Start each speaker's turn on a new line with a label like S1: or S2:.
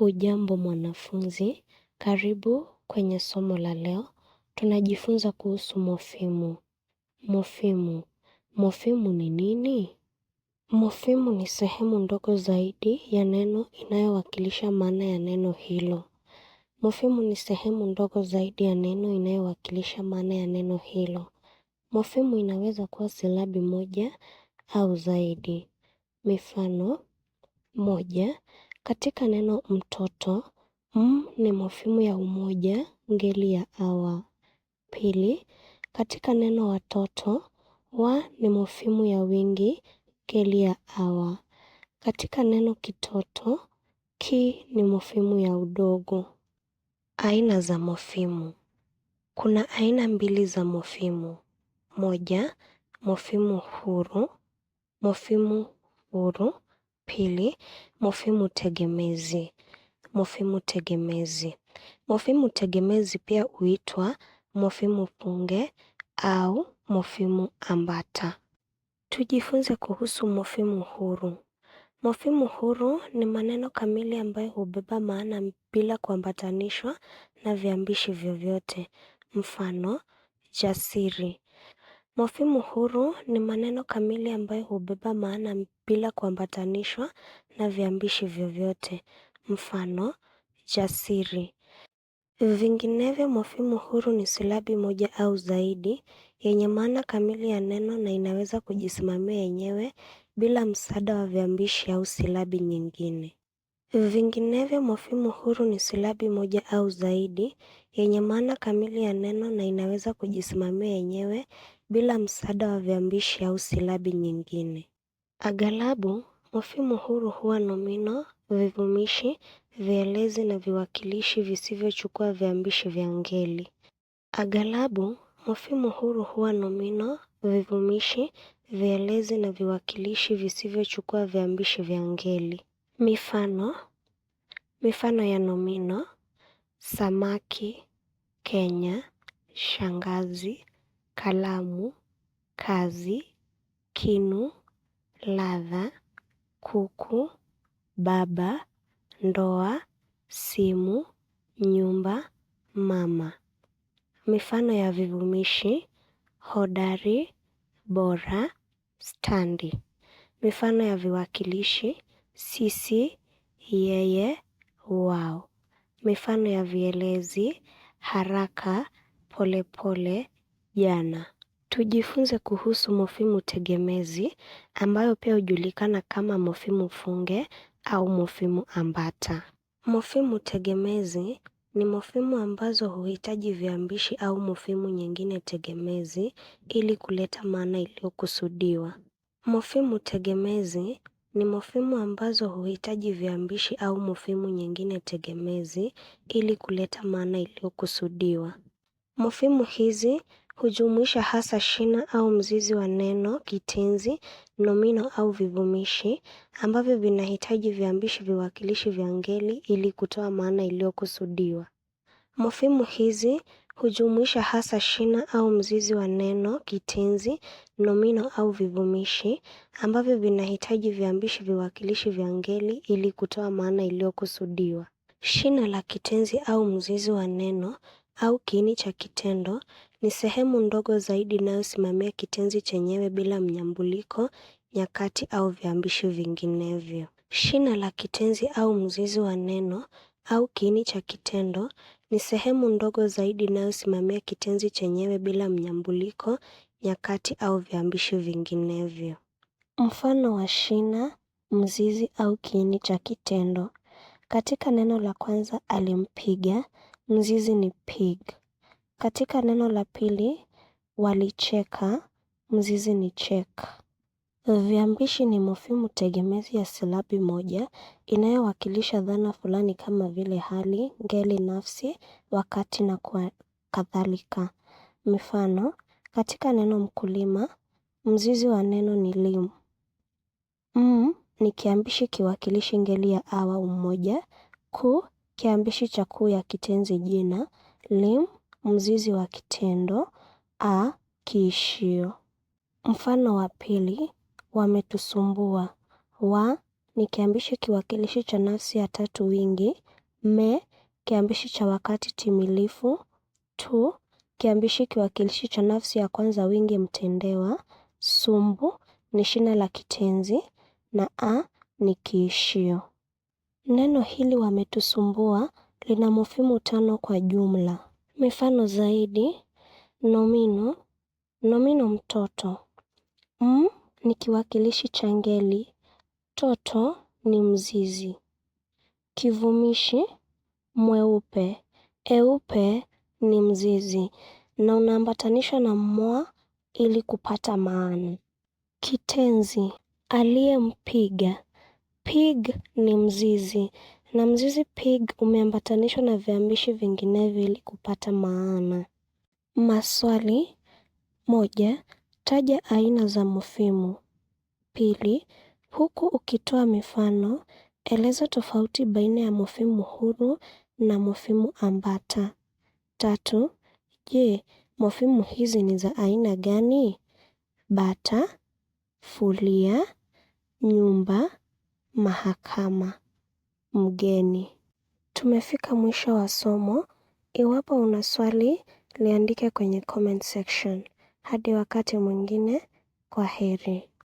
S1: Hujambo mwanafunzi, karibu kwenye somo la leo. Tunajifunza kuhusu mofimu. Mofimu. Mofimu ni nini? Mofimu ni sehemu ndogo zaidi ya neno inayowakilisha maana ya neno hilo. Mofimu ni sehemu ndogo zaidi ya neno inayowakilisha maana ya neno hilo. Mofimu inaweza kuwa silabi moja au zaidi. Mifano: moja, katika neno mtoto, m ni mofimu ya umoja, ngeli ya awa. Pili, katika neno watoto, wa ni mofimu ya wingi, ngeli ya awa. Katika neno kitoto, ki ni mofimu ya udogo. Aina za mofimu. Kuna aina mbili za mofimu. Moja, mofimu huru. Mofimu huru Pili, mofimu tegemezi. Mofimu tegemezi. Mofimu tegemezi pia huitwa mofimu punge au mofimu ambata. Tujifunze kuhusu mofimu huru. Mofimu huru ni maneno kamili ambayo hubeba maana bila kuambatanishwa na viambishi vyovyote. Mfano, jasiri, Mofimu huru ni maneno kamili ambayo hubeba maana bila kuambatanishwa na viambishi vyovyote. Mfano, jasiri. Vinginevyo mofimu huru ni silabi moja au zaidi yenye maana kamili ya neno na inaweza kujisimamia yenyewe bila msaada wa viambishi au silabi nyingine. Vinginevyo mofimu huru ni silabi moja au zaidi yenye maana kamili ya neno na inaweza kujisimamia yenyewe bila msaada wa viambishi au silabi nyingine. Aghalabu, mofimu huru huwa nomino, vivumishi, vielezi na viwakilishi visivyochukua viambishi vya ngeli. Aghalabu, mofimu huru huwa nomino, vivumishi, vielezi na viwakilishi visivyochukua viambishi vya ngeli. Mifano: mifano ya nomino: samaki, Kenya, shangazi, kalamu, kazi, kinu, ladha, kuku, baba, ndoa, simu, nyumba, mama. Mifano ya vivumishi, hodari, bora, standi. Mifano ya viwakilishi, sisi, yeye, wao. Mifano ya vielezi, haraka, polepole, jana. Tujifunze kuhusu mofimu tegemezi ambayo pia hujulikana kama mofimu funge au mofimu ambata. Mofimu tegemezi ni mofimu ambazo huhitaji viambishi au mofimu nyingine tegemezi ili kuleta maana iliyokusudiwa. Mofimu tegemezi ni mofimu ambazo huhitaji viambishi au mofimu nyingine tegemezi ili kuleta maana iliyokusudiwa. Mofimu hizi hujumuisha hasa shina au mzizi wa neno, kitenzi, nomino au vivumishi, ambavyo vinahitaji viambishi viwakilishi vya ngeli ili kutoa maana iliyokusudiwa. Mofimu hizi hujumuisha hasa shina au mzizi wa neno, kitenzi, nomino au vivumishi, ambavyo vinahitaji viambishi viwakilishi vya ngeli ili kutoa maana iliyokusudiwa. Shina la kitenzi au mzizi wa neno au kiini cha kitendo ni sehemu ndogo zaidi inayosimamia kitenzi chenyewe bila mnyambuliko, nyakati au viambishi vinginevyo. Shina la kitenzi au mzizi wa neno au kiini cha kitendo ni sehemu ndogo zaidi inayosimamia kitenzi chenyewe bila mnyambuliko, nyakati au viambishi vinginevyo. Mfano wa shina, mzizi au kiini cha kitendo. Katika neno la kwanza alimpiga, mzizi ni pig. Katika neno la pili walicheka, mzizi ni chek. Viambishi ni mofimu tegemezi ya silabi moja inayowakilisha dhana fulani kama vile hali, ngeli, nafsi, wakati na kwa kadhalika. Mifano, katika neno mkulima, mzizi wa neno ni lim. M mm, ni kiambishi kiwakilishi ngeli ya awa umoja, ku kiambishi cha kuu ya kitenzi jina, lim mzizi wa kitendo a kiishio. Mfano wa pili, wametusumbua. Wa ni kiambishi kiwakilishi cha nafsi ya tatu wingi. Me kiambishi cha wakati timilifu. Tu kiambishi kiwakilishi cha nafsi ya kwanza wingi mtendewa. Sumbu ni shina la kitenzi na a ni kiishio. Neno hili wametusumbua lina mofimu tano kwa jumla. Mifano zaidi nomino, nomino mtoto. M ni kiwakilishi cha ngeli, toto ni mzizi. Kivumishi mweupe, eupe ni mzizi na unaambatanishwa na mwa ili kupata maana. Kitenzi aliyempiga, pig ni mzizi na mzizi pig umeambatanishwa na viambishi vinginevyo ili kupata maana. Maswali: moja. Taja aina za mofimu. Pili. Huku ukitoa mifano, eleza tofauti baina ya mofimu huru na mofimu ambata. Tatu. Je, mofimu hizi ni za aina gani? Bata, fulia, nyumba, mahakama mgeni. Tumefika mwisho wa somo. Iwapo una swali, liandike kwenye comment section. Hadi wakati mwingine, kwa heri.